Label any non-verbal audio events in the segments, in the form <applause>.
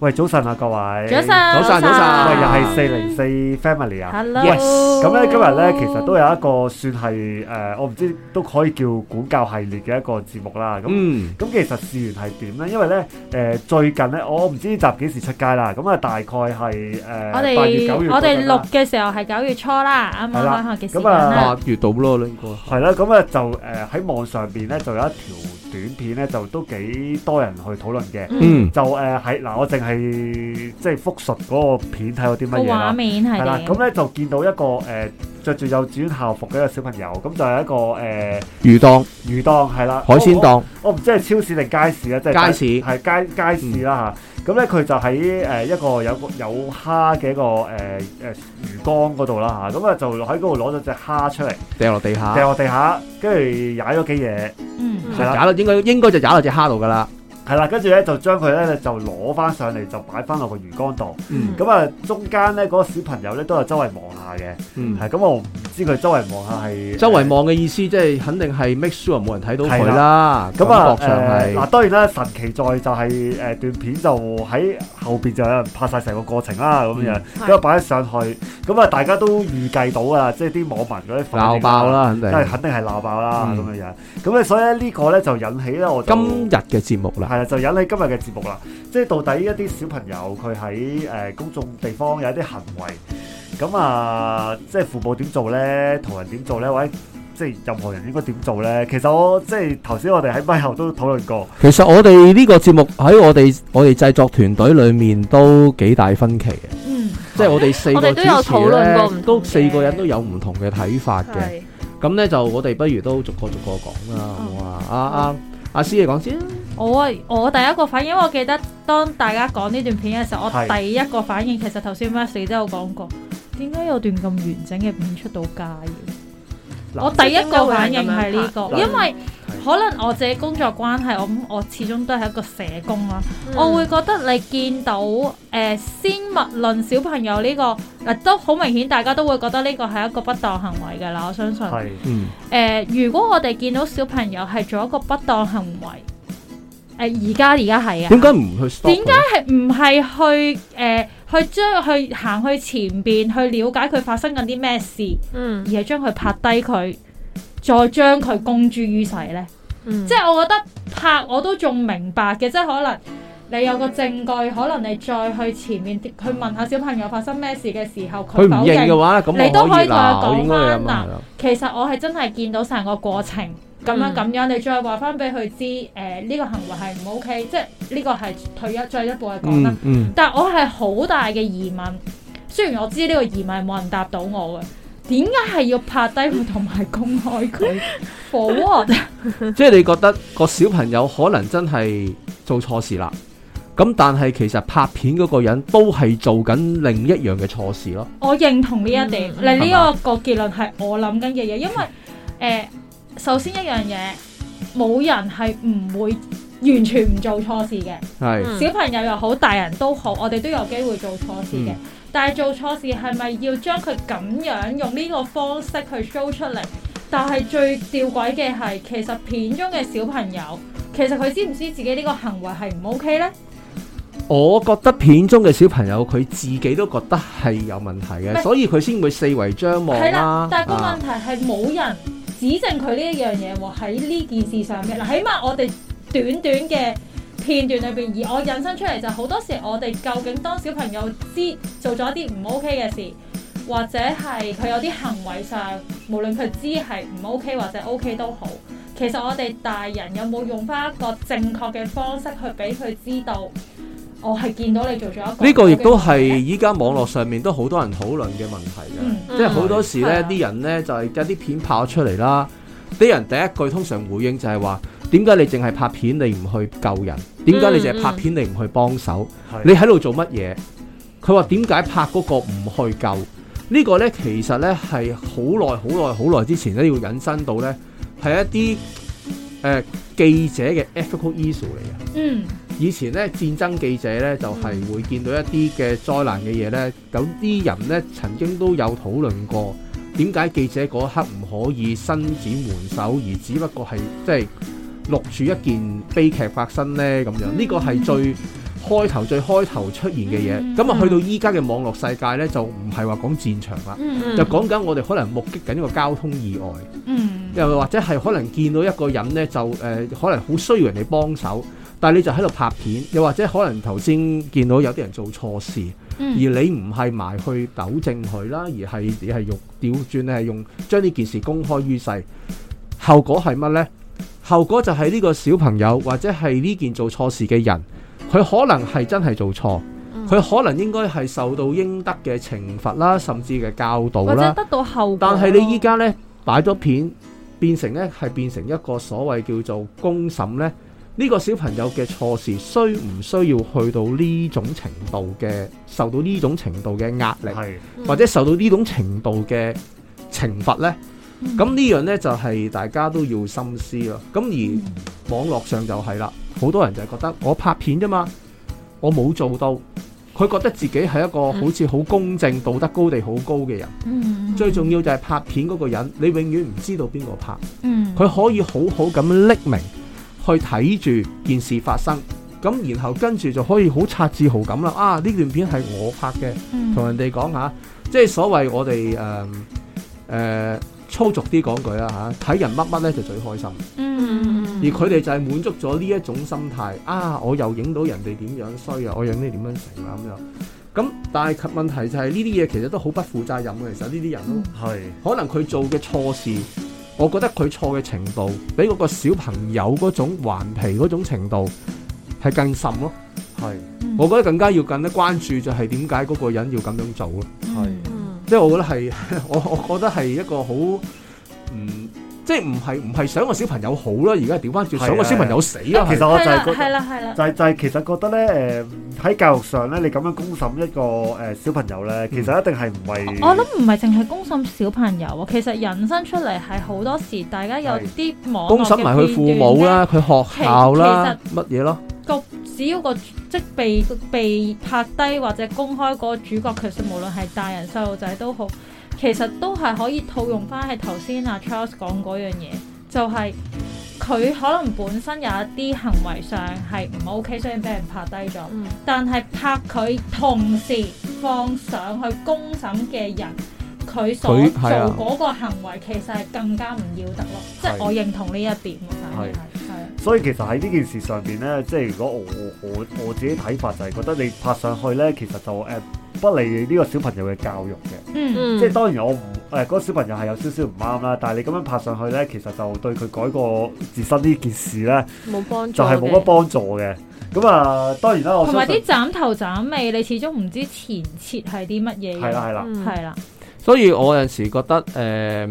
喂，早晨啊，各位。早晨，早晨，早晨。喂，又係四零四 family 啊。Hello。Yes。咁咧，今日咧，其實都有一個算係誒、呃，我唔知都可以叫管教系列嘅一個節目啦。咁咁、嗯嗯，其實事源係點咧？因為咧，誒、呃，最近咧，我唔知呢集幾時出街啦。咁、嗯、啊，大概係誒、呃我哋，我哋八月九月我哋錄嘅時候係九月初啦，啱啱開學嘅時間啦。八月到咯，應該係啦。咁啊，就誒喺網上邊咧，就，網上網上就有一條。短片咧就都幾多人去討論嘅，嗯、就誒係嗱，我淨係即係復述嗰個片睇到啲乜嘢啦。畫面係啦，咁咧就見到一個誒著、呃、住幼稚園校服嘅一個小朋友，咁就係一個誒、呃、魚檔、魚檔係啦，海鮮檔。我唔知係超市定街市啦，即係街市係街街市啦嚇。嗯咁咧佢就喺誒一個有個有蝦嘅一個誒誒魚缸嗰度啦嚇，咁啊就喺嗰度攞咗隻蝦出嚟，掟落地下，掟落地下，跟住踩咗幾嘢，嗯，係啦吧，踩落應該應該就踩落隻蝦度噶啦。係啦，跟住咧就將佢咧就攞翻上嚟，就擺翻落個魚缸度。咁啊、嗯，中間咧嗰個小朋友咧都係周圍望下嘅。係咁、嗯，我唔知佢周圍望下係周圍望嘅意思，即係肯定係 make sure 冇人睇到佢啦。咁啊的，落誒嗱，當然啦，神奇在就係誒段片就喺後邊就有人拍晒成個過程啦，咁樣、嗯，咁啊擺咗上去，咁啊的大家都預計到啊，即係啲網民嗰啲鬧爆啦，肯定、嗯，都係肯定係鬧爆啦咁嘅樣。咁咧，所以呢個咧就引起咧我今日嘅節目啦。就引起今日嘅節目啦，即係到底一啲小朋友佢喺誒公眾地方，有一啲行為，咁啊，即係父母點做咧，途人點做咧，或者即係任何人應該點做咧？其實我即係頭先，我哋喺咪後都討論過。其實我哋呢個節目喺我哋我哋製作團隊裏面都幾大分歧嘅，嗯，即係我哋四個我哋都有討論過，都四個人都有唔同嘅睇法嘅。咁咧就我哋不如都逐個逐個講啦。好，阿阿阿師嚟講先啦。我我第一個反應，因為我記得當大家講呢段片嘅時候，我第一個反應是其實頭先 M 四都有講過，點解有段咁完整嘅片出到街嘅？啦我第一個反應係呢、這個，因為可能我自己工作關係，我我始終都係一個社工啦。嗯、我會覺得你見到誒、呃《先物論》小朋友呢、這個嗱、呃、都好明顯，大家都會覺得呢個係一個不當行為嘅啦。我相信、嗯呃、如果我哋見到小朋友係做一個不當行為，誒而家而家係啊，點解唔去？點解係唔係去誒去將佢去行去前邊去了解佢發生緊啲咩事？嗯，而係將佢拍低佢，再將佢公諸於世咧？嗯，即係我覺得拍我都仲明白嘅，即係可能你有個證據，可能你再去前面去問下小朋友發生咩事嘅時候，佢唔認嘅話，你都可以再講翻。但其實我係真係見到成個過程。咁樣咁樣，你再話翻俾佢知，誒、呃、呢、呢個行為係唔 OK，即係呢個係退一再一步嘅講啦。嗯嗯、但係我係好大嘅疑問，雖然我知呢個疑問冇人答到我嘅，點解係要拍低佢同埋公開佢 <laughs> ？Forward，what? 即係你覺得個小朋友可能真係做錯事啦。咁但係其實拍片嗰個人都係做緊另一樣嘅錯事咯。我認同呢一點，嗯、你呢一個結論係我諗緊嘅嘢。吧因為誒。呃首先一樣嘢，冇人係唔會完全唔做錯事嘅。係是小朋友又好，大人都好，我哋都有機會做錯事嘅。嗯、但係做錯事係咪要將佢咁樣用呢個方式去 show 出嚟？但係最吊詭嘅係，其實片中嘅小朋友，其實佢知唔知自己呢個行為係唔 OK 呢？我覺得片中嘅小朋友佢自己都覺得係有問題嘅，所以佢先會四圍張望係啦、啊。但係個問題係冇人。啊指正佢呢一樣嘢喎，喺呢件事上邊，起碼我哋短短嘅片段裏邊，而我引申出嚟就好多時，我哋究竟當小朋友知做咗一啲唔 OK 嘅事，或者係佢有啲行為上，無論佢知係唔 OK 或者 OK 都好，其實我哋大人有冇用返一個正確嘅方式去俾佢知道？我係見到你做咗一個，呢個亦都係依家網絡上面都好多人討論嘅問題嘅，嗯、即係好多時呢啲的人呢，就係有啲片拍咗出嚟啦，啲人第一句通常回應就係話：點解你淨係拍片，你唔去救人？點解你淨係拍片，嗯、你唔去幫手？的你喺度做乜嘢？佢話點解拍嗰個唔去救？呢、呢個呢，其實呢係好耐、好耐、好耐之前呢，要引申到呢係一啲誒、呃、記者嘅 ethical issue 嚟嘅。嗯。以前咧，戰爭記者咧就係、是、會見到一啲嘅災難嘅嘢咧，咁啲人咧曾經都有討論過點解記者嗰刻唔可以伸展援手，而只不過係即係錄住一件悲劇發生呢？咁樣。呢個係最開頭最開頭出現嘅嘢。咁啊，去到依家嘅網絡世界咧，就唔係話講戰場啦，就講緊我哋可能目擊緊一個交通意外，又或者係可能見到一個人咧就誒、呃，可能好需要人哋幫手。但係你就喺度拍片，又或者可能頭先見到有啲人做錯事，而你唔係埋去糾正佢啦，而係你係用調轉，你係用將呢件事公開於世，後果係乜咧？後果就係呢個小朋友或者係呢件做錯事嘅人，佢可能係真係做錯，佢可能應該係受到應得嘅懲罰啦，甚至嘅教導啦，得到後果。但係你依家咧擺咗片，變成咧係變成一個所謂叫做公審咧。呢個小朋友嘅錯事，需唔需要去到呢種程度嘅受到呢種程度嘅壓力，或者受到呢種程度嘅懲罰呢？咁呢樣呢，就係大家都要深思咯。咁而網絡上就係啦，好多人就係覺得我拍片啫嘛，我冇做到，佢覺得自己係一個好似好公正、道德高地好高嘅人。最重要就係拍片嗰個人，你永遠唔知道邊個拍。佢可以好好咁匿名。去睇住件事發生，咁然後跟住就可以好察自豪咁啦！啊，呢段片係我拍嘅，同人哋講吓，即係所謂我哋誒誒粗俗啲講句啦吓，睇、啊、人乜乜咧就最開心。嗯嗯嗯。而佢哋就係滿足咗呢一種心態啊！我又影到人哋點樣衰啊，我影你點樣成啊咁樣。咁但係問題就係呢啲嘢其實都好不負責任嘅。其實呢啲人都係、嗯、可能佢做嘅錯事。我覺得佢錯嘅程度，比嗰個小朋友嗰種頑皮嗰種程度係更甚咯。係是，我覺得更加要更加關注就係點解嗰個人要咁樣做咯。係是，即係、嗯、我覺得係，我我覺得係一個好嗯。即係唔係唔係想個小朋友好咯？而家調翻轉，想個小朋友死咯？其實我就係覺，就係就係其實覺得咧，誒喺教育上咧，你咁樣公審一個誒小朋友咧，其實一定係唔係？我諗唔係淨係公審小朋友啊，其實引申出嚟係好多時，大家有啲網絡嘅片段咧，公審埋佢父母啦，佢學校啦，乜嘢咯？個只要個即被被拍低或者公開個主角，其實無論係大人細路仔都好。其實都係可以套用翻係頭先阿 Charles 講嗰樣嘢，就係、係、佢可能本身有一啲行為上係唔 OK，所以俾人拍低咗。嗯、但係拍佢同時放上去公審嘅人，佢所做嗰個行為其實係更加唔要得咯。啊、即係我認同呢一點，反而所以其實喺呢件事上邊咧，即係如果我我我，我自己睇法就係覺得你拍上去咧，其實就誒。呃不利呢個小朋友嘅教育嘅，嗯、即係當然我唔誒，嗰、呃那個小朋友係有少少唔啱啦。但係你咁樣拍上去咧，其實就對佢改過自身呢件事咧，冇幫助，就係冇乜幫助嘅。咁啊，當然啦、啊，我同埋啲斬頭斬尾，你始終唔知前設係啲乜嘢。係啦係啦，係啦、啊。啊嗯、所以我有陣時覺得誒誒、呃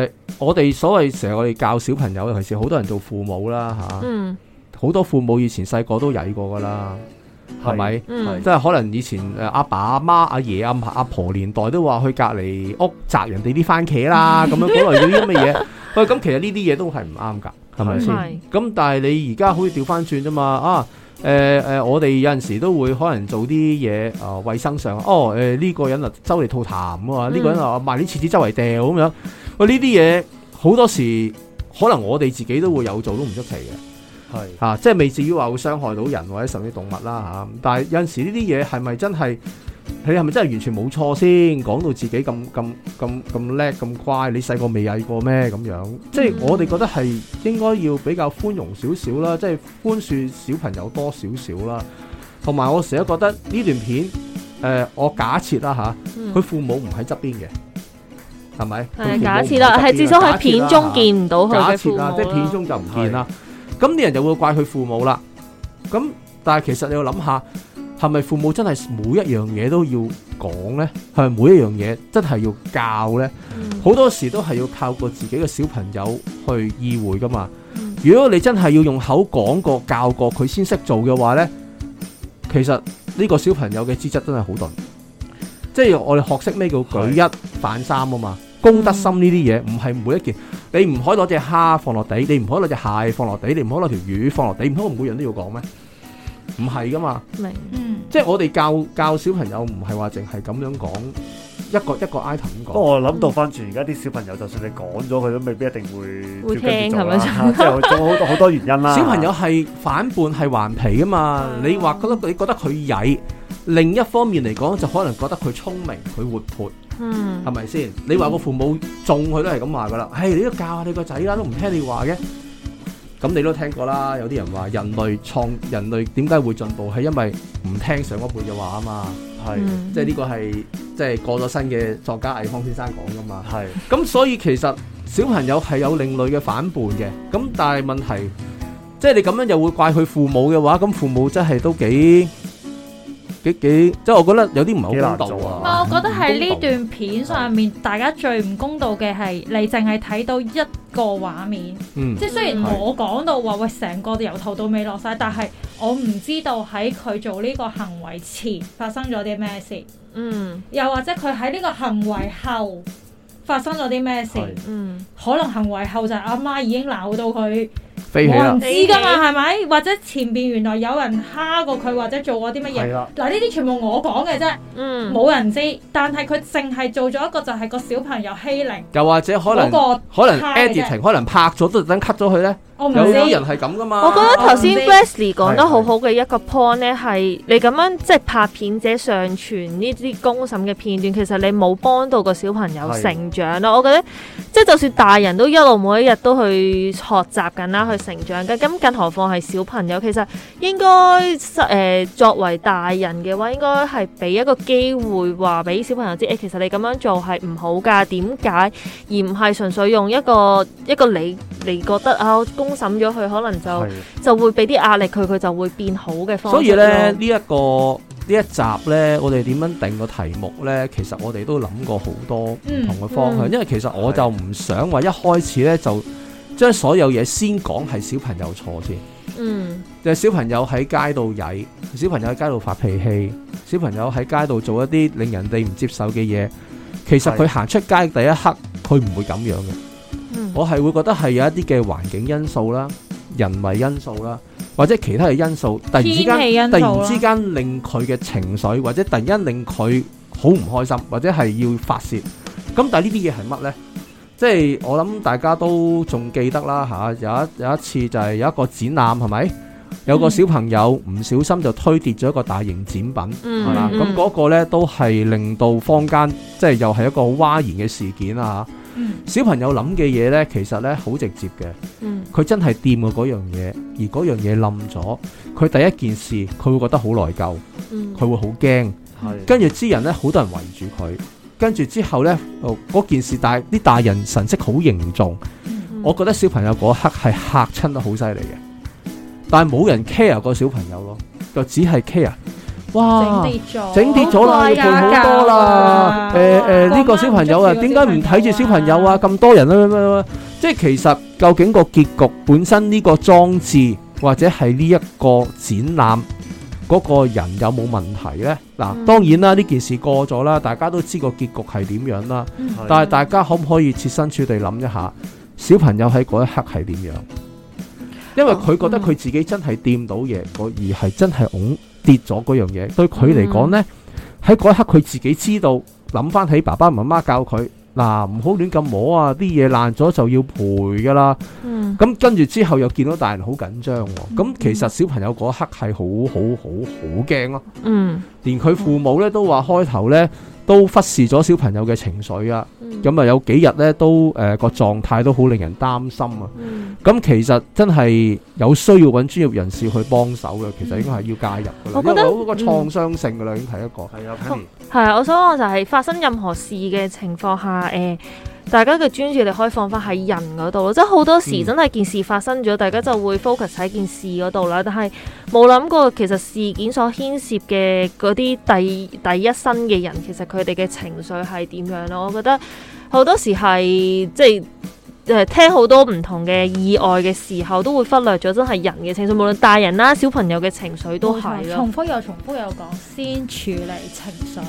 呃，我哋所謂成日我哋教小朋友，尤其是好多人做父母啦吓，好、啊嗯、多父母以前細個都曳過噶啦。嗯係咪？嗯、即係可能以前誒，阿、啊、爸阿媽阿爺阿阿婆年代都話去隔籬屋摘人哋啲番茄啦，咁 <laughs> 樣本嚟嗰啲咁嘅嘢。喂，咁其實呢啲嘢都係唔啱噶，係咪先？咁吧、嗯、但係你而家好似調翻轉咋嘛？啊，誒、呃、誒、呃，我哋有陣時都會可能做啲嘢，誒、呃，衛生上，哦，誒、呃，呢、這個人啊，周嚟吐痰啊嘛，呢個人、嗯、個人啊，賣啲廁紙周圍掉咁樣。喂，呢啲嘢好多時可能我哋自己都會有做，都唔出奇嘅。係吓是、啊，即係未至於話會傷害到人或者甚至動物啦吓、啊。但係有陣時呢啲嘢，係咪真係，你係咪真係完全冇錯先？講到自己咁咁咁咁叻咁乖，你細個未曳過咩？咁樣即係我哋覺得係應該要比較寬容少少啦，即係寬恕小朋友多少少啦。同埋我成日覺得呢段片誒、呃，我假設啦吓，佢、啊、父母唔喺側邊嘅係咪？嗯、假設啦，係至少喺片中見唔到佢嘅父母，假設啦，即係片中就唔見啦。是咁啲人就會怪佢父母啦。咁但係其實你要諗下，係咪父母真係每一樣嘢都要講呢？係每一樣嘢真係要教呢？嗯、好多時都係要靠過自己嘅小朋友去意會噶嘛。嗯、如果你真係要用口講過教過佢先識做嘅話呢，其實呢個小朋友嘅資質真係好鈍。即係我哋學識咩叫舉一反三啊嘛，公德心呢啲嘢唔係每一件。你唔可以攞嗰隻蝦放落地，你唔可以攞嗰隻蟹放落地，你唔可以攞嗰條魚放落地，唔通每樣都要講咩？唔係噶嘛，明，嗯，即係我哋教教小朋友，唔係話淨係咁樣講一個一個 item 講。不過我諗到翻轉，而家啲小朋友，就算你講咗佢，都未必一定會會聽，係咪先？即係好多好多原因啦。小朋友係反叛，係頑皮噶嘛？你話覺得你覺得佢曳，另一方面嚟講就可能覺得佢聰明，佢活潑。嗯，係咪先？你話個父母縱佢都係咁話噶啦，唉，你都教下你個仔啦，都唔聽你話嘅。咁你都聽過啦，有啲人話人類創人類點解會進步，係因為唔聽上一輩嘅話啊嘛。係，即係呢個係即係過咗身嘅作家倪匡先生講噶嘛。係，咁所以其實小朋友係有另類嘅反叛嘅。咁但係問題，即係你咁樣又會怪佢父母嘅話，咁父母真係都幾。幾，幾即係我覺得有啲唔係好公道啊！嗯、我覺得喺呢段片上面，大家最唔公道嘅係你淨係睇到一個畫面，嗯、即係雖然我講到話、嗯、喂，成個由頭到尾落晒，但係我唔知道喺佢做呢個行為前發生咗啲咩事。嗯，又或者佢喺呢個行為後發生咗啲咩事？嗯，可能行為後就係阿媽已經鬧到佢。冇人知噶嘛，係咪？或者前邊原來有人蝦過佢，或者做過啲乜嘢？嗱的，呢啲全部我講嘅啫，冇、嗯、人知。但係佢淨係做咗一個，就係個小朋友欺凌。又或者可能個可能 editing，可能拍咗都等 cut 咗佢咧。我唔知有好多人係咁噶嘛。我覺得頭先 Wesley 講得好好嘅一個 point 咧，係你咁樣即係拍片者上傳呢啲公審嘅片段，其實你冇幫到個小朋友成長咯。的我覺得即係就算大人都一路每一日都去學習緊啦，去成長嘅，咁更何況係小朋友，其實應該誒、呃、作為大人嘅話，應該係俾一個機會話俾小朋友知，誒、欸、其實你咁樣做係唔好噶，點解？而唔係純粹用一個一個你你覺得啊公審咗佢，可能就的就會俾啲壓力佢，佢就會變好嘅方式。所以呢，呢一，嗯這個呢一集呢，我哋點樣定個題目呢？其實我哋都諗過好多唔同嘅方向，嗯嗯、因為其實我就唔想話一開始呢，就將所有嘢先講係小朋友錯先。嗯，就係小朋友喺街度曳，小朋友喺街度發脾氣，小朋友喺街度做一啲令人哋唔接受嘅嘢。其實佢行出街第一刻，佢唔會咁樣嘅。我係會覺得係有一啲嘅環境因素啦、人為因素啦，或者其他嘅因素，突然之間突然之間令佢嘅情緒，或者突然間令佢好唔開心，或者係要發洩。咁但係呢啲嘢係乜呢？即係我諗大家都仲記得啦吓，有、啊、一有一次就係有一個展覽係咪？有個小朋友唔小心就推跌咗一個大型展品，係啦。咁嗰個呢都係令到坊間即係又係一個嘩然嘅事件啊！嗯、小朋友諗嘅嘢呢，其實呢好直接嘅，佢、嗯、真係掂過嗰樣嘢，而嗰樣嘢冧咗，佢第一件事佢會覺得好內疚，佢、嗯、會好驚、嗯，跟住之後呢，好多人圍住佢，跟住之後呢，嗰件事，大啲大人神色好凝重，嗯嗯、我覺得小朋友嗰刻係吓親得好犀利嘅，但係冇人 care 個小朋友咯，就只係 care。哇，整跌咗，整跌咗，好多啦！誒誒哇，呢個小朋友啊，點解唔睇住小朋友啊？咁、啊、多人啦、啊啊啊，即係其實究竟個結局本身呢個裝置或者係呢一個展覽嗰、那個人有冇問題呢？嗱、嗯，當然啦，呢件事過咗啦，大家都知個結局係點樣啦。嗯、但係大家可唔可以設身處地諗一下，小朋友喺嗰一刻係點樣？嗯、因為佢覺得佢自己真係掂到嘢，而係真係跌咗嗰樣嘢，對佢嚟講呢，喺嗰、嗯、一刻佢自己知道，諗翻起爸爸媽媽教佢嗱，唔好亂咁摸啊，啲嘢爛咗就要賠噶啦。嗯咁跟住之後又見到大人好緊張喎，咁其實小朋友嗰刻係好好好好驚咯，嗯， <noise> 連佢父母咧都話開頭咧都忽視咗小朋友嘅情緒啊，咁啊 <noise> 有幾日咧都誒、呃、個狀態都好令人擔心啊，咁、 <noise> 嗯、其實真係有需要搵專業人士去幫手嘅，其實應該係要介入噶啦，我覺得因為好嗰個創傷性噶啦，嗯、已經睇一個，係啊，係啊、嗯 Maybe.，我想講就係發生任何事嘅情況下，誒、呃。嗯大家嘅專注力可以放翻喺人嗰度咯，即係好多時真係件事發生咗，嗯、大家就會 focus 喺件事嗰度啦。但係冇諗過，其實事件所牽涉嘅嗰啲第第一身嘅人，其實佢哋嘅情緒係點樣咯？我覺得好多時係即係誒聽好多唔同嘅意外嘅時候，都會忽略咗真係人嘅情緒，無論大人啦、小朋友嘅情緒都係啦。重複又重複又講，先處理情緒。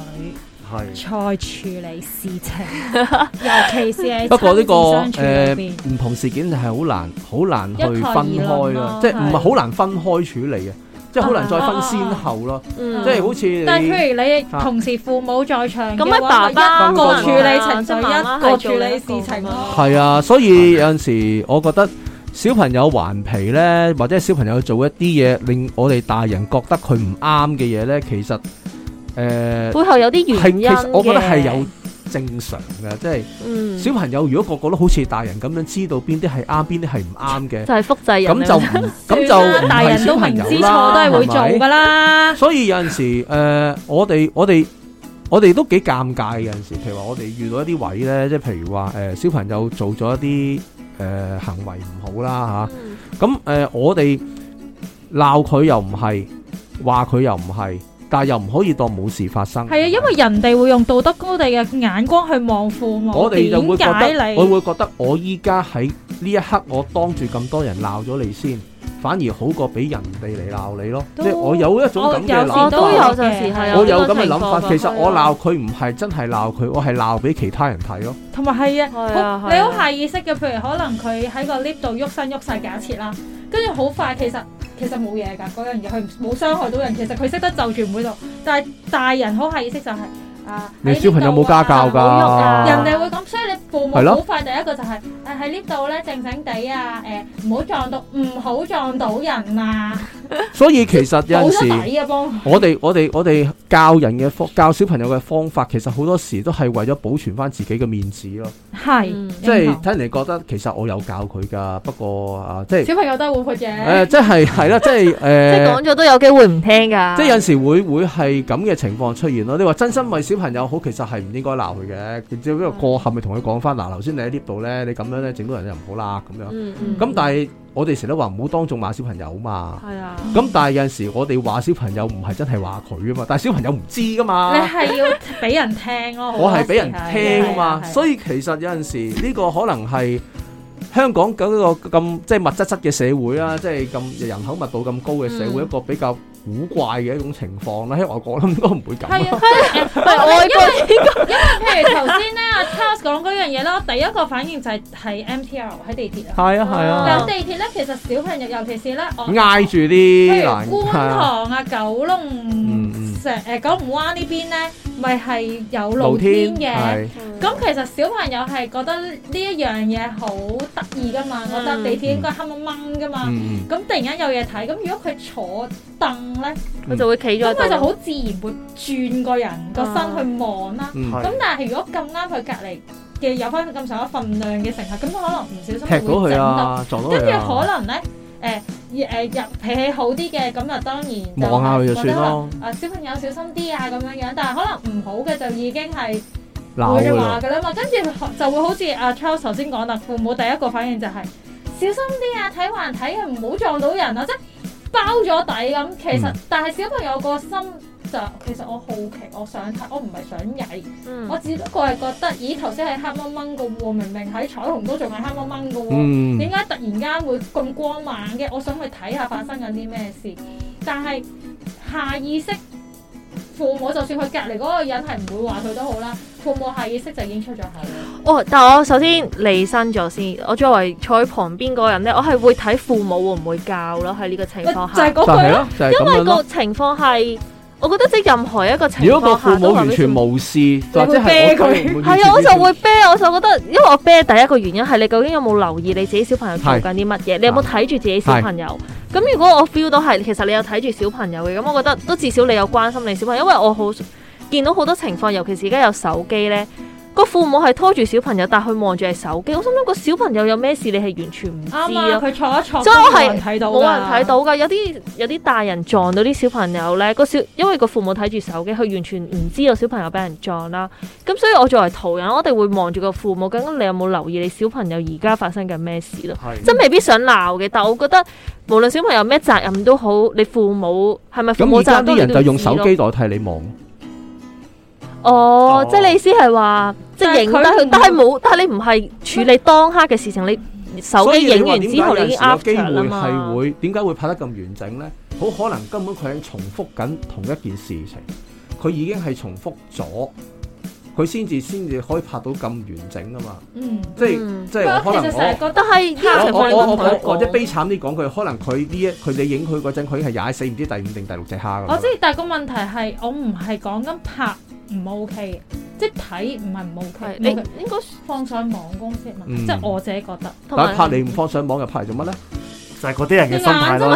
在處理事情，尤其是喺，不過呢個，呃，唔同事件係好難，好難去分開啊！即係唔係好難分開處理啊，即係好難再分先後咯。即係好似，但係譬如你同時父母在場，咁樣爸爸一個處理程序，一個處理事情，係啊。所以有陣時，我覺得小朋友頑皮咧，或者係小朋友做一啲嘢令我哋大人覺得佢唔啱嘅嘢咧，其實。誒，背後有啲原因嘅，其實我覺得係有正常嘅，即係小朋友如果個個都好似大人咁樣知道邊啲係啱，邊啲係唔啱嘅，就係複製人。咁就咁就，大人都明知錯都係會做噶啦。所以有陣時，誒，我哋我哋我哋都幾尷尬有陣時，譬如話我哋遇到一啲位咧，即係譬如話誒，小朋友做咗一啲誒行為唔好啦吓，咁誒我哋鬧佢又唔係，話佢又唔係。但係又唔可以當冇事發生。係啊，因為人哋會用道德高地嘅眼光去望父母。我哋就會覺得，我會覺得我依家喺呢一刻，我當住咁多人鬧咗你先，反而好過俾人哋嚟鬧你咯。即係我有一種咁嘅諗法。我有咁嘅諗法，其實我鬧佢唔係真係鬧佢，我係鬧俾其他人睇咯。同埋係啊，你好下意識，嘅，譬如可能佢喺個 lift 度喐身喐晒，假設啦，跟住好快其實。其實冇嘢㗎，嗰樣嘢佢冇傷害到人。其實佢識得就住每度，但係大人可係意識就係、是。你小朋友冇家教噶，人哋會咁，所以你父母好快第一個就係誒喺呢度咧靜靜地啊，誒唔好撞到，唔好撞到人啊。所以其實有陣時我哋我哋我哋教人嘅方教小朋友嘅方法，其實好多時都係為咗保存翻自己嘅面子咯。係即係睇人哋覺得，其實我有教佢噶，不過啊，即係小朋友都係活潑嘅。誒，即係係啦，即係誒，即係講咗都有機會唔聽噶。即係有陣時會會係咁嘅情況出現咯。你話真心為小。小朋友好，其實係唔應該鬧佢嘅，然之後呢個過後咪同佢講翻。嗱、嗯，頭先、啊、你喺呢度咧，你咁樣咧整到人就唔好啦，咁樣。咁、嗯嗯、但係我哋成日都話唔好當眾罵小朋友嘛。係啊、嗯。咁但係有陣時我哋話小朋友唔係真係話佢啊嘛，但係小朋友唔知噶嘛。你係要俾人聽咯。我係俾人聽啊 <laughs> 人聽嘛，所以其實有陣時呢個可能係。香港咁一個咁即係物質質嘅社會啦，即係咁人口密度咁高嘅社會，一個比較古怪嘅一種情況啦。喺外國諗應該唔會咁。係啊，係外國，因為譬如頭先咧，阿 Charles 講嗰樣嘢咯，第一個反應就係喺 MTR 喺地鐵啊，係啊係啊。咁地鐵咧，其實小朋友尤其是咧，挨住啲，譬如觀塘啊、九龍。成誒九龍灣呢邊咧，咪係有露天嘅。咁其實小朋友係覺得呢一樣嘢好得意噶嘛，覺得地鐵應該黑掹掹噶嘛。咁突然間有嘢睇，咁如果佢坐凳咧，佢就會企咗。咁佢就好自然會轉個人個身去望啦。咁但係如果咁啱佢隔離嘅有翻咁上下份量嘅乘客，咁佢可能唔小心會整到。踢到佢啊！撞到啊！跟住可能咧，誒。而入、呃、脾氣好啲嘅，咁就當然就覺得啊小朋友小心啲啊咁樣樣，但係可能唔好嘅就已經係嗰啲話嘅啦嘛。跟住了就會好似阿、啊、Charles 頭先講啦，父母第一個反應就係、是、小心啲啊，睇還睇嘅唔好撞到人啊，即包咗底咁。其實、嗯、但係小朋友個心。其實我好奇，我想睇，我唔係想曳，嗯、我只不過係覺得，咦，頭先係黑掹掹嘅喎，明明喺彩虹都仲係黑掹掹嘅喎，點解、嗯、突然間會咁光猛嘅？我想去睇下發生緊啲咩事，但係下意識父母，就算佢隔籬嗰個人係唔會話佢都好啦，父母下意識就已經出咗口啦。哦，但係我首先離身咗先，我作為坐喺旁邊嗰個人咧，我係會睇父母會唔會教咯。喺呢個情況下，就係嗰句咯、啊，就係、因為個情況係。我覺得即任何一個情況下都完全無事，或者係我係啊，我就會啤，我就覺得，因為我啤第一個原因係你究竟有冇留意你自己小朋友做緊啲乜嘢？是你有冇睇住自己小朋友？咁是如果我 feel 到係，其實你有睇住小朋友嘅，咁我覺得都至少你有關心你小朋友，因為我好見到好多情況，尤其是而家有手機咧。個父母係拖住小朋友，但佢望住係手機。我心諗個小朋友有咩事，你係完全唔知咯。啱啊，佢坐一坐，真係冇人睇到，冇人睇到噶。有啲有啲大人撞到啲小朋友咧，個小因為個父母睇住手機，佢完全唔知有小朋友俾人撞啦。咁所以我作為途人，我哋會望住個父母，究竟你有冇留意你小朋友而家發生緊咩事咯？真的未必想鬧嘅，但我覺得無論小朋友咩責任都好，你父母係咪父母責任都了咯？咁而家啲人就用手機代替你望。哦，oh，即你意思係話，即係影佢，但係但係冇，但係你唔係處理當刻嘅事情，你手機影完之後，你已經 out 機會點解會，After 會拍得咁完整咧？好可能根本佢係重複緊同一件事情，佢已經係重複咗，佢先至先至可以拍到咁完整㗎嘛。嗯，即係即係可能其實 我覺得情我我我我或者悲慘啲講句，可能佢呢一佢哋影佢嗰陣，佢係踩死唔知第五定第六隻蝦噶嘛。我知，但係個問題係我唔係講緊拍。唔 OK，即係睇唔係唔 OK。你應該放上網公司，即係我自己覺得。但係拍你唔放上網又拍嚟做乜咧？就係嗰啲人嘅心態咯。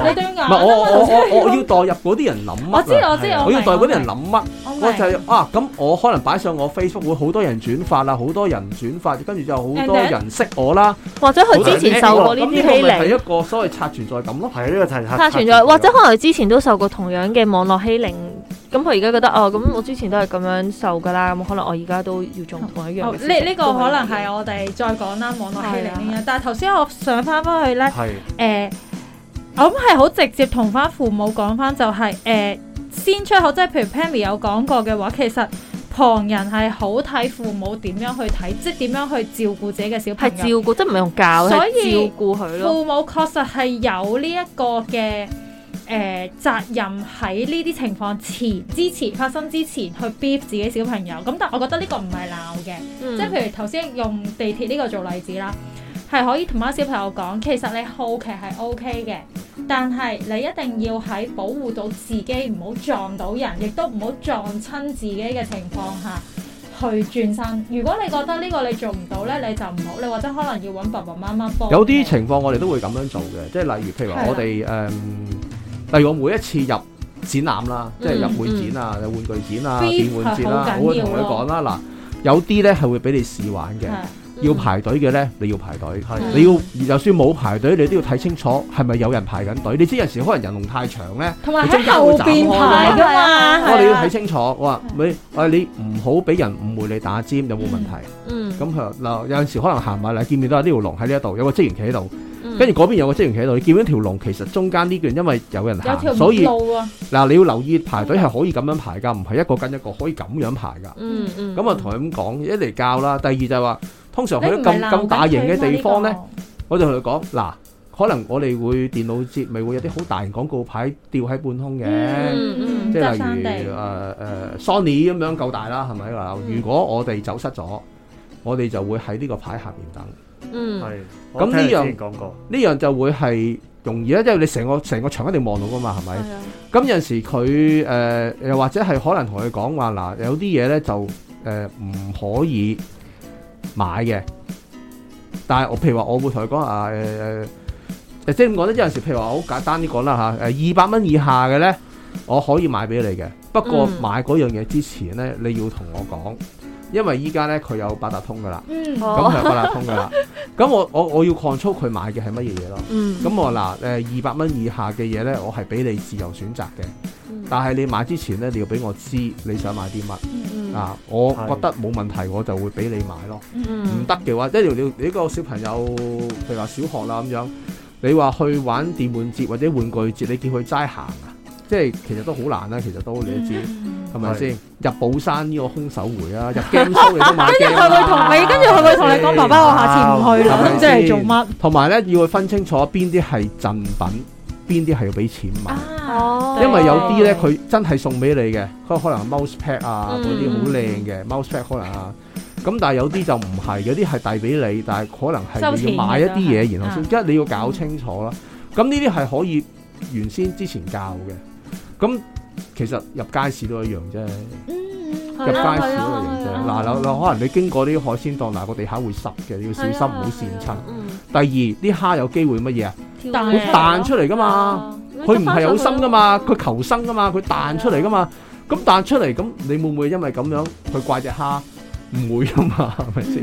呢個唔係我我我我要代入嗰啲人諗乜？我知我知，我要代入嗰啲人諗乜？我就啊咁，我可能擺上我 Facebook 會好多人轉發啦，好多人轉發，跟住就好多人識我啦。或者佢之前受過呢啲欺凌，係一個所謂刷存在感咯。係呢個係刷存在，或者可能佢之前都受過同樣嘅網絡欺凌。咁佢而家覺得哦，咁我之前都係咁樣受㗎啦，咁可能我而家都要做同一樣嘅事。呢呢個可能係我哋再講啦， <music> 網絡欺凌啊。但係頭先我上翻翻去呢，誒是、呃，我咁係好直接同翻父母講翻、就是，就係誒先出口，即係譬如 Pammy 有講過嘅話，其實旁人係好睇父母點樣去睇，即係點樣去照顧自己嘅小朋友，照顧，即係唔係用教所以照顧佢咯？父母確實係有呢一個嘅。誒、呃、責任喺呢啲情況前、之前發生之前去逼自己小朋友咁，但係我覺得呢個唔係鬧嘅，嗯、即係譬如頭先用地鐵呢個做例子啦，係可以同埋小朋友講，其實你好奇係 OK 嘅，但係你一定要喺保護到自己唔好撞到人，亦都唔好撞親自己嘅情況下去轉身。如果你覺得呢個你做唔到呢，你就唔好，你或者可能要揾爸爸媽媽幫。有啲情況我哋都會咁樣做嘅，即係例如譬如話我哋誒。的例如我每一次入展覽啦，嗯、即係入會展啊、玩具展 <noise> 啊、電玩展啦，我會同佢講啦，嗱，有啲咧係會俾你試玩嘅。要排隊嘅咧，你要排隊。的你要就算冇排隊，你都要睇清楚係咪有人排緊隊。你知有陣時可能人龍太長咧，同埋喺後邊排噶嘛、啊。我哋以的要睇清楚。我話的你你唔好俾人誤會，你打尖有冇問題？咁佢話嗱，有陣時可能行埋嚟，見唔見到呢條龍喺呢一度有個職員企喺度，跟住嗰邊有個職員企喺度。你見到條龍其實中間呢個人因為有人行，啊、所以嗱你要留意排隊係可以咁樣排㗎，唔係一個跟一個可以咁樣排㗎、嗯。嗯嗯。咁啊，同佢咁講，一嚟教啦，第二就係、是、話。通常去咗咁咁大型嘅地方咧，我就同佢講嗱，可能我哋會電腦節咪會有啲好大型廣告牌吊喺半空嘅，嗯嗯嗯、即係例如誒誒、呃呃、Sony 咁樣夠大啦，係咪嗱？嗯、如果我哋走失咗，我哋就會喺呢個牌下面等。嗯，係。咁呢樣呢樣就會係容易啦，因為你成個成個場一定望到噶嘛，係咪？咁的有陣時佢誒又或者係可能同佢講話嗱，有啲嘢咧就誒唔可以。買嘅，但係我譬如話我會同佢講啊，誒、呃、誒，即係咁講咧，有陣時譬如話好簡單啲講啦吓，誒，二百蚊以下嘅咧，我可以買俾你嘅。不過買嗰樣嘢之前咧，你要同我講，因為依家咧佢有八達通噶啦，咁佢、嗯哦、有八達通噶啦。咁 <laughs> 我我我要 control 佢買嘅係乜嘢嘢咯？咁、嗯、我嗱誒，二百蚊以下嘅嘢咧，我係俾你自由選擇嘅。但係你買之前咧，你要俾我知你想買啲乜。嗯啊、我覺得冇問題，我就會俾你買咯。唔得嘅話，即係你你個小朋友，譬如話小學啦咁樣，你話去玩電玩節或者玩具節，你叫佢齋行啊，即係其實都好難啦。其實都，啊、其實都你都知，係咪先？是是是入寶山呢個空手回啊，入驚、啊。 <laughs> 跟住佢會同你，啊、跟住佢會同你講：啊、爸爸，我下次唔去啦，即係做乜。同埋咧，要分清楚邊啲係贈品。邊啲係要俾錢買？哦，因為有啲咧，佢真係送俾你嘅，佢可能 mouse pad 啊，嗰啲好靚嘅 mouse pad 可能啊。咁但係有啲就唔係，有啲係遞俾你，但係可能係你要買一啲嘢，然後先一你要搞清楚啦。咁呢啲係可以原先之前教嘅。咁其實入街市都一樣啫。嗯，入街市都一樣啫。嗱，嗱，可能你經過啲海鮮檔，嗱個地下會濕嘅，你要小心唔好跣親。第二，啲蝦有機會乜嘢啊？佢彈出嚟噶嘛？佢唔係有心噶嘛？佢、啊、求生噶嘛？佢、啊、彈出嚟噶嘛？咁的、啊、彈出嚟咁，你會唔會因為咁樣去怪隻蝦？唔會啊嘛，係咪先？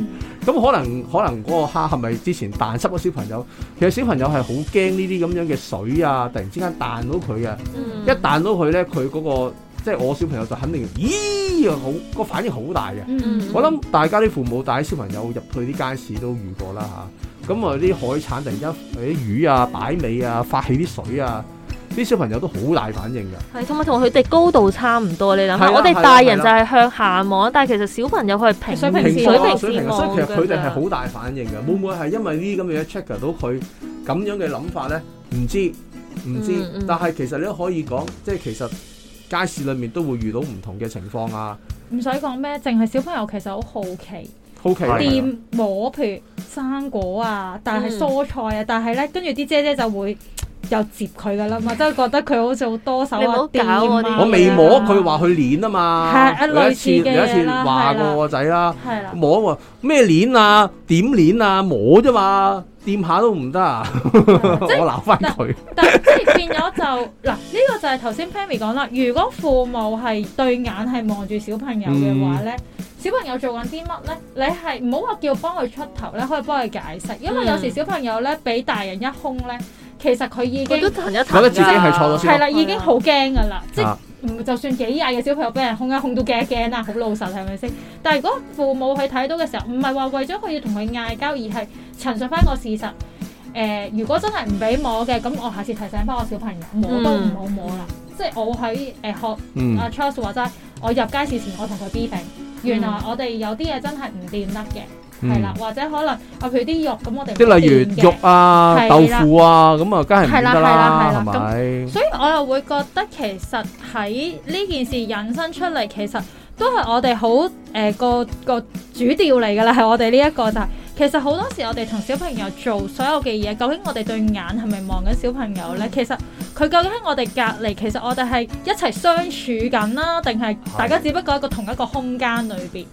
咁、嗯、可能可能嗰個蝦係咪之前彈濕咗小朋友？其實小朋友係好驚呢啲咁樣嘅水啊！突然之間彈到佢嘅，嗯、一彈到佢咧，佢嗰、嗰個即係我小朋友就肯定咦，好個反應好大嘅。嗯嗯，我諗大家啲父母帶啲小朋友入去啲街市都遇過啦嚇。啊。咁啊！啲、嗯、海產，突然間誒魚啊、擺尾啊、發起啲水啊，啲小朋友都好大反應噶。係同埋同佢哋高度差唔多咧，你諗下、啊、我哋大人就係向下望，啊、但係其實小朋友係平時平水時平水時平水平時，所以其實佢哋係好大反應嘅，嗯、會唔會係因為啲咁嘅嘢 check 到佢咁樣嘅諗法咧？唔知唔知，嗯嗯、但係其實你都可以講，即係其實街市裏面都會遇到唔同嘅情況啊。唔使講咩，淨係小朋友其實好、啊嗯、好奇。掂摸，譬如生果啊，但係蔬菜啊，但係咧，跟住啲姐姐就會又接佢噶啦嘛，都係覺得佢好似好多手啊！你唔好搞我啲，我未摸佢，話佢鏈啊嘛，係一類似嘅話過我仔啦。係啦，摸喎咩鏈啊？點鏈啊？摸啫嘛，掂下都唔得啊！我鬧翻佢。但即係變咗就嗱，呢個就係頭先 Pammy 講啦。如果父母係對眼係望住小朋友嘅話咧。小朋友做緊啲乜咧？你係唔好話叫幫佢出頭咧，可以幫佢解釋，因為有時小朋友咧俾大人一兇咧，其實佢已經覺得係啦，已經好驚噶啦。的即係、啊、就算幾廿嘅小朋友俾人控啊，控到驚驚啊，好老實係咪先？但係如果父母去睇到嘅時候，唔係話為咗佢要同佢嗌交，而係陳述翻個事實。誒、呃，如果真係唔俾摸嘅，咁我下次提醒翻我小朋友，摸都唔好摸啦。嗯、即係我喺誒、呃、學阿 Charles 話齋，我入街市前我同佢 B 原來我哋有啲嘢真係唔掂得嘅，係啦、嗯，或者可能啊，譬如啲肉咁，我哋啲例如肉啊、的豆腐啊，咁啊，梗係唔得啦，係啦，係啦，係啦，咁。所以我又會覺得其實喺呢件事引申出嚟，其實都係我哋好誒個個主調嚟噶啦，係我哋呢一個就係、是。其實好多時我哋同小朋友做所有嘅嘢，究竟我哋對眼係咪望緊小朋友呢？其實佢究竟喺我哋隔離，其實我哋係一齊相處緊啦，定係大家只不過喺個同一個空間裏邊。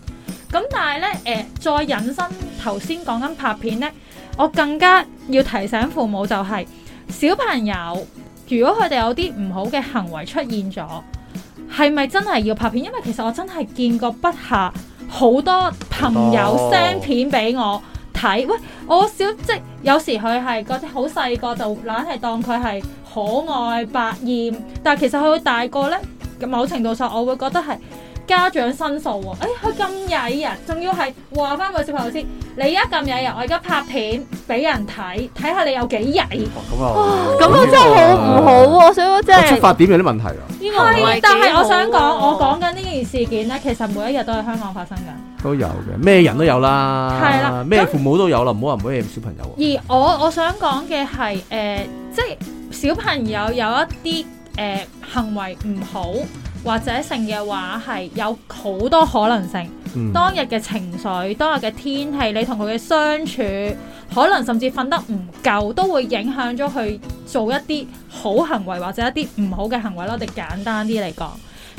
咁的但係呢，誒，再引申頭先講緊拍片呢，我更加要提醒父母就係、是、小朋友，如果佢哋有啲唔好嘅行為出現咗，係咪真係要拍片？因為其實我真係見過不下好多朋友 send 片俾我。哦睇喂，我小即有時佢係嗰啲好細個就懶係當佢係可愛百厭，但係其實佢大個咧，某程度上我會覺得係家長申訴喎。誒、欸，佢咁曳人，仲要係話翻個小朋友先，你而家咁曳人，我而家拍片俾人睇，睇下你有幾曳。咁啊、哦，咁啊、哦、真係好唔好啊！小哇真係出發點有啲問題咯、啊。係，但係我想講，哦、我講緊呢件事件咧，其實每一日都喺香港發生嘅。都有嘅，咩人都有啦，咩、啊、父母都有啦，唔好話唔可以小朋友、啊。而我我想講嘅係，誒、呃，即係小朋友有一啲誒、呃、行為唔好，或者成嘅話係有好多可能性。嗯、當日嘅情緒、當日嘅天氣、你同佢嘅相處，可能甚至瞓得唔夠，都會影響咗佢做一啲好行為，或者一啲唔好嘅行為咯。我哋簡單啲嚟講。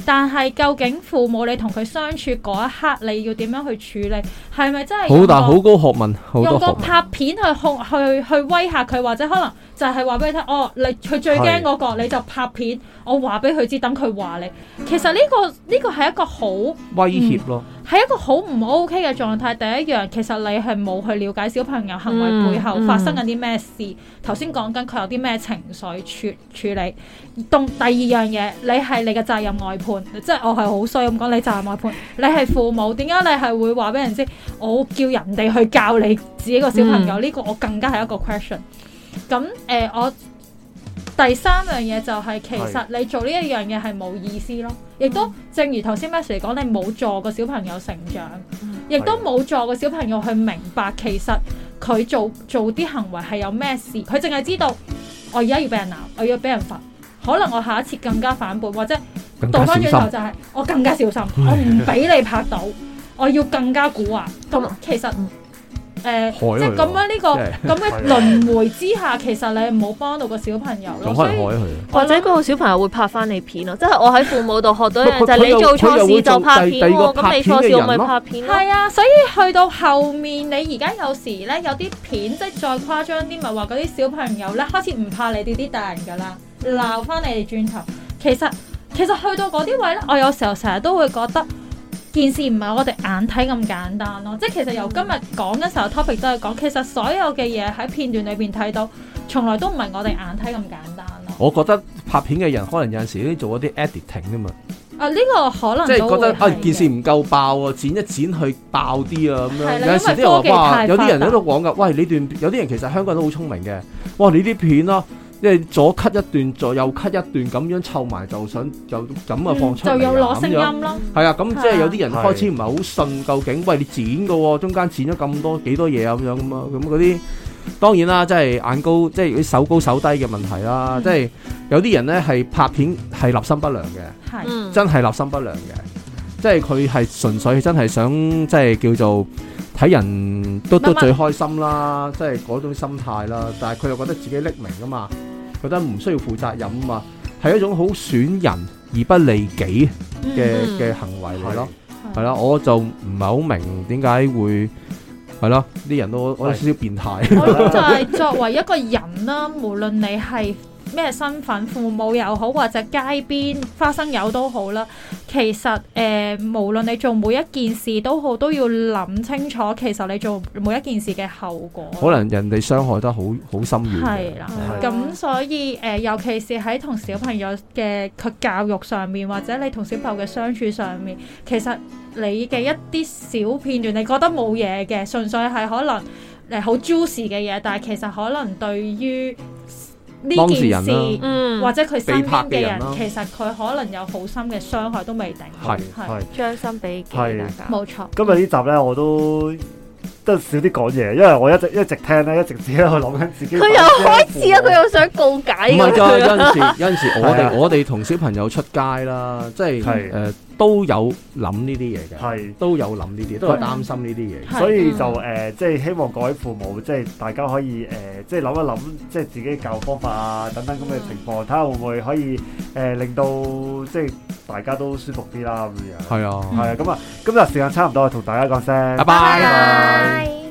但係究竟父母你同佢相處嗰一刻，你要點樣去處理？係咪真係好大好高學問？學問用個拍片去控、去去威嚇佢，或者可能就係話俾佢聽哦，你佢最驚嗰、那個，是你就拍片，我話俾佢知，等佢話你。其實呢、這個呢、這個係一個好威脅咯。嗯係一個好唔 OK 嘅狀態。第一樣，其實你係冇去了解小朋友行為背後發生緊啲咩事。頭先講緊佢有啲咩情緒處處理。同第二樣嘢，你係你嘅責任外判，即係我係好衰咁講，你責任外判。你係父母，點解你係會話俾人知？我叫人哋去教你自己個小朋友呢、嗯、個，我更加係一個 question。咁、呃、誒，我。第三樣嘢就係其實你做呢一樣嘢係冇意思咯，亦、嗯、都正如頭先 Max 講，你冇助個小朋友成長，亦、嗯、都冇助個小朋友去明白其實佢做做啲行為係有咩事，佢淨係知道我而家要俾人鬧，我要俾人罰，可能我下一次更加反叛，或者倒翻轉頭就係我更加小心，小心我唔俾你拍到，我要更加古惑咁，嗯、其實。誒，呃、即係咁樣呢、呢個咁嘅、yeah, 輪迴之下，其實你冇幫到個小朋友咯。或者嗰個小朋友會拍翻你片咯。即係我喺父母度學到一樣，就係你做錯事就拍片喎。咁、啊啊、你錯事我咪拍片咯，啊。係啊，所以去到後面，你而家有時咧有啲片，即係再誇張啲，咪話嗰啲小朋友咧開始唔怕你啲啲大人噶啦，鬧翻你哋轉頭。其實其實去到嗰啲位咧，我有時候成日都會覺得。件事唔係我哋眼睇咁簡單咯，即係其實由今日講嘅時候、嗯、topic 都係講，其實所有嘅嘢喺片段裏邊睇到，從來都唔係我哋眼睇咁簡單咯。我覺得拍片嘅人可能有陣時都做一啲 editing 吖嘛。啊，呢、呢個可能即係覺得會啊，件事唔夠爆啊，剪一剪去爆啲啊咁的樣。嗯、有陣時啲有啲人喺度講噶，喂，呢段有啲人其實香港人都好聰明嘅，哇，你啲片咯、啊。即係左 cut 一段，左右 cut 一段，咁樣湊埋就想就咁啊放出嚟咁樣。就有攞聲音咯。係啊樣，咁、嗯、即係有啲人開始唔係好信究竟，喂你剪噶喎，中間剪咗咁多幾多嘢啊咁樣咁啊，咁嗰啲當然啦，即係眼高，即係啲手高手低嘅問題啦。即係、嗯、有啲人咧係拍片係立心不良嘅，嗯、真係立心不良嘅，嗯、即係佢係純粹真係想即係叫做睇人都、嗯、都最開心啦，即係嗰種心態啦。但係佢又覺得自己匿明噶嘛。覺得唔需要負責任啊嘛，係一種好損人而不利己嘅嘅、嗯、行為嚟咯，係啦吧，我就唔係好明點解會係咯，啲人都我有少少變態吧。 <laughs> 就係作為一個人啦， <laughs> 無論你係，咩身份，父母又好，或者街邊花生友都好啦。其實誒、呃，無論你做每一件事都好，都要諗清楚。其實你做每一件事嘅後果，可能人哋傷害得好好深遠嘅。係啦、啊，咁、啊、所以誒、呃，尤其是喺同小朋友嘅佢教育上面，或者你同小朋友嘅相處上面，其實你嘅一啲小片段，你覺得冇嘢嘅，純粹係可能誒好 juicy 嘅嘢，但係其實可能對於呢件事，嗯，或者佢身邊嘅人，其實佢可能有好深嘅傷害都未定，係係將心比己，大家冇錯。今日呢集咧，我都都少啲講嘢，因為我一直一直聽咧，一直自己喺度諗緊自己。佢又開始啊！佢又想告解。唔係，有陣時有陣時，我哋我哋同小朋友出街啦，即係誒。都有諗呢啲嘢嘅，係是都有諗呢啲，是都係擔心呢啲嘢，所以就誒、嗯呃，即係希望各位父母，即係大家可以誒、呃，即係諗一諗，即係自己教育方法啊等等咁嘅情況，睇下、嗯、會唔會可以誒、呃、令到即係大家都舒服啲啦咁樣。係啊，係啊、嗯，咁啊，今日時間差唔多，同大家講聲，拜拜。拜拜拜拜。